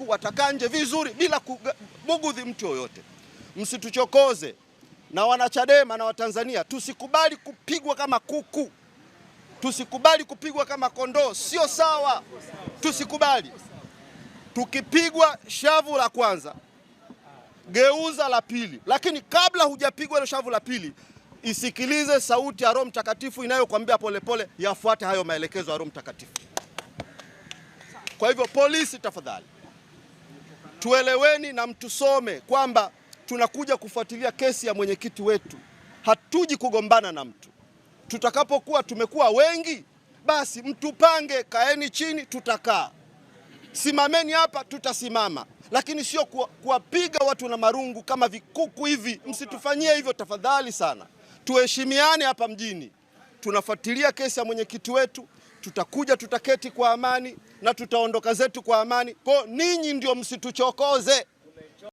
siku watakaa nje vizuri bila kubugudhi mtu yoyote. Msituchokoze na wanachadema na Watanzania, tusikubali kupigwa kama kuku, tusikubali kupigwa kama kondoo, sio sawa, tusikubali. Tukipigwa shavu la kwanza, geuza la pili, lakini kabla hujapigwa ile shavu la pili isikilize sauti ya Roho Mtakatifu inayokuambia polepole, yafuate hayo maelekezo ya Roho Mtakatifu. Kwa hivyo polisi, tafadhali tueleweni na mtusome kwamba tunakuja kufuatilia kesi ya mwenyekiti wetu. Hatuji kugombana na mtu. Tutakapokuwa tumekuwa wengi, basi mtupange, kaeni chini, tutakaa. Simameni hapa, tutasimama, lakini sio kuwapiga watu na marungu kama vikuku hivi. Msitufanyie hivyo tafadhali sana, tuheshimiane hapa mjini tunafuatilia kesi ya mwenyekiti wetu, tutakuja tutaketi kwa amani na tutaondoka zetu kwa amani. Kwa ninyi ndio msituchokoze.